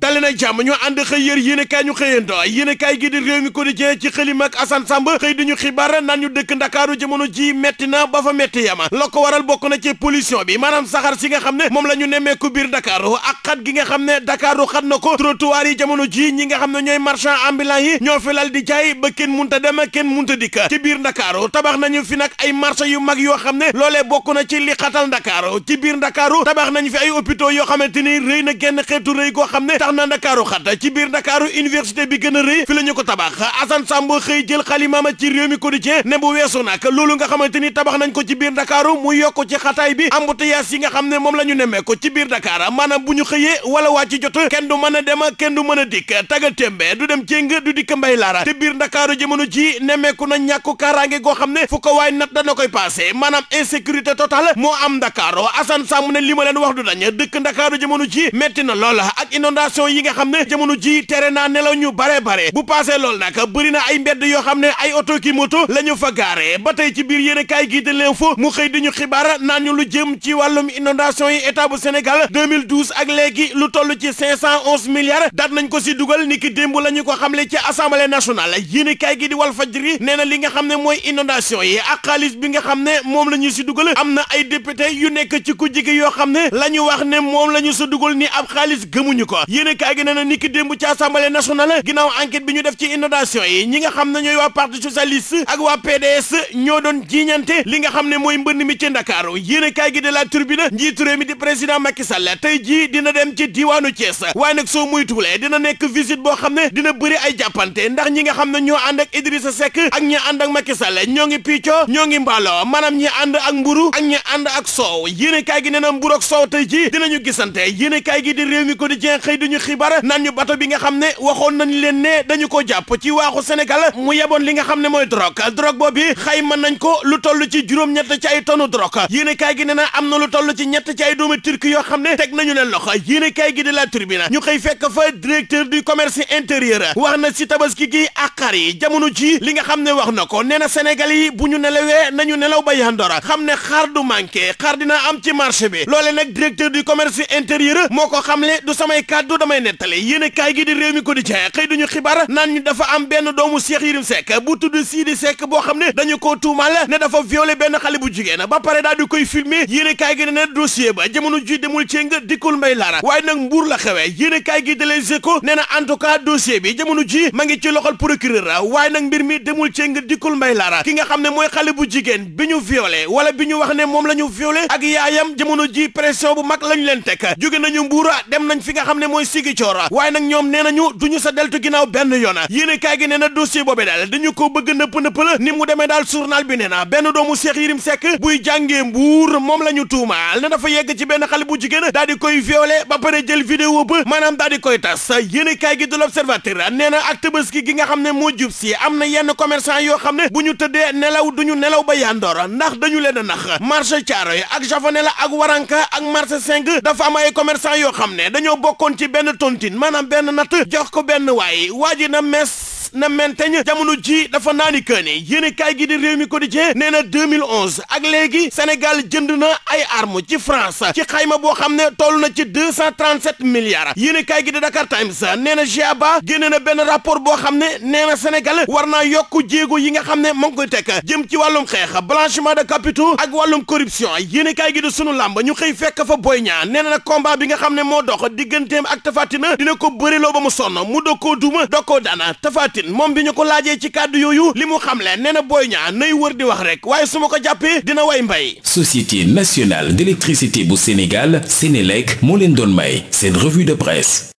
dali na jàmm ñu ànd xëy yër yéen kaay ñu xëyanto yéen kaay gi di réew mi quotidien ci xëlim ak Assane Samb xëy di ñu xibaar naan ñu dëkk Ndakaaru jamono ji metti na ba fa metti yama la ko waral bokk na ci pollution bi maanaam saxaar si nga xam ne moom la ñu nemmeeku biir Ndakaaru ak xat gi nga xam ne Ndakaaru xat na ko trottoir yi jamono ji ñi nga xam ne ñooy marchand ambulant yi ñoo fi lal di jaay ba kenn munta dem kenn munta dikk ci biir Ndakaaru tabax nañu fi nag ay marché yu mag yoo xam ne loolee bokk na ci li xatal Ndakaaru ci biir Ndakaaru tabax nañu fi ay hôpitaux yoo xamante ni rëy na genn xeetu rëy koo xam ne tax na ndakaaru xat ci biir ndakaaru université bi gën a rëy fi la ko tabax Assane Samb xëy jël xalimaama ci réew mi quotidien ne bu weesu nag loolu nga xamante ni tabax nañ ko ci biir ndakaaru mu yokk ci xataay bi embouteillage yi nga xam ne moom la ñu nemmee ko ci biir Dakar maanaam bu ñu xëyee wala wàcc jot kenn du mën a dem kenn du mën a dikk taga témbe du dem céng du dikk mbay laara te biir ndakaaru jamono ji nemmeeku na ñàkku kaaraange goo xam ne fu ko waay nat dana koy passé maanaam insécurité totale moo am ndakaaru Assane Samb ne li ma leen wax du dañ dëkk ndakaaru jamono ji metti na loola ak inondation manifestation yi nga xam ne jamono ji tere naa nelaw ñu bare bare bu paasee loolu nag bëri na ay mbedd yoo xam ne ay oto ki moto la ñu fa gaare ba tey ci biir yéen a kaay gii de mu xëy di ñu xibaar naa ñu lu jëm ci wàllum inondation yi état bu Sénégal 2012 ak léegi lu toll ci 511 milliards daat nañ ko si dugal ni ki démb la ñu ko xamle ci assemblée nationale yéen a kaay gi di wal fajri nee na li nga xam ne mooy inondation yi ak xaalis bi nga xam ne moom la ñu si dugal am na ay député yu nekk ci ku jige yoo xam ne la ñu wax ne moom la ñu sa dugal ni ab xaalis gëmuñu ko yéen kaay gi nee na niki démb ci assemblée xam ne ñooy waa parti socialiste ak li nga xam ne mooy mbënd mi ci Ndakaaru yéen kaay gi de la Tribune njiitu réew mi di président Macky Sall tey jii dina dem ci diiwaanu Thiès waaye nag soo muytuwulee dina nekk visite boo xam ne dina bëri ay jàppante ndax ñi nga xam ne ñoo ànd ak Idrissa Seck ak ñi ànd ak Macky Sall ñoo ngi piccoo ñoo ngi mbaaloo maanaam ñi ànd ak mburu ak ñi ànd ak soow yéen kaa gi ne na mburu ak soow tey jii dinañu gisante yéen kaay gi di réew mi ko di jeex xëy duñu ñu xibaar naan ñu bato bi nga xam ne waxoon nañ leen ne dañu ko jàpp ci waaxu Sénégal mu yeboon li nga xam ne mooy drogue drogue xay ma nañ ko lu toll ci juróom-ñett ci ay tonu drogue yéen kaay gi nee na am na lu toll ci ñett ci ay doomi turki yoo xam ne teg nañu leen loxo yéen kaay gi de la Tribune ñu xëy fekk fa directeur du commerce intérieur wax na ci tabaski gi ak xar yi jamono ji li nga xam ne wax na ko nee na Sénégal yi bu ñu nelawee nañu nelaw ba yandora xam ne xar du manqué xar am ci marché bi nag directeur du commerce intérieur moo ko xamle du samay kàddu may nettali yéen a kaay gi di réew mi quotidien xëy duñu xibaar naan ñu dafa am benn doomu Cheikh Yérim Seck bu tudd Sidi Seck boo xam ne dañu koo tuumal ne dafa violé benn xale bu jigéen ba pare daal di koy filmer yéen kaay gi ne dossier ba jamono ji demul cee céng dikkul mbay laara waaye nag mbuur la xewee yéen a kaay gi de Les ne nee na en tout cas dossier bi jamono ji ma ngi ci loxol procureur waaye nag mbir mi demul céng dikkul mbay laara ki nga xam ne mooy xale bu jigéen bi ñu violé wala bi ñu wax ne moom la ñu violé ak yaayam jamono ji pression bu mag lañ leen teg jóge nañu mbuura dem nañ fi nga xam ne mooy sigi coora waaye nag ñoom nee nañu duñu sa deltu ginnaaw benn yoon yéene kaay gi nee na dossier boobe daal dañu ko bëgg nëpp nëpp la ni mu demee daal journal bi nee na benn doomu Cheikh Yérim Seck buy jàngee mbuur moom la ñu tuumaal ne dafa yegg ci benn xale bu jigéen koy violé ba jël vidéo ba maanaam daal di koy tas yéene kaay gi de l'Observateur nee na ak Tabaski gi nga xam ne moo jub si am na yenn commerçant yoo xam ne bu ñu tëddee nelaw duñu nelaw ba a benn tontine maanaam benn natt jox ko benn waay waa ji na mes Thiès na menteñ jamono ji dafa naani këne yéen kaay gi di réew mi quotidien nee na 2011 ak léegi Sénégal jënd na ay armes ci France ci xayma boo xam ne toll na ci 237 milliards yéen kaay gi di Dakar Times nee na GIABA génne na benn rapport boo xam ne nee na Sénégal war naa yokk jéego yi nga xam ne moo ngi koy teg jëm ci wàllum xeex blanchiment de capitaux ak wàllum corruption yéen kaay gi di sunu làmb ñu xëy fekk fa Boy Niang nee na nag bi nga xam ne moo dox digganteem ak Tapha Tine dina ko bëriloo ba mu sonn mu doog koo duma doog koo daan Tapha Tine moom bi ñu ko laajee ci kàddu yooyu li mu xamle nee na Boy Niang nay wër di wax rek waaye su ma ko jàppee dina way mbay. Société nationale d'électricité bu Sénégal Sénélec moo leen doon may seen revue de presse.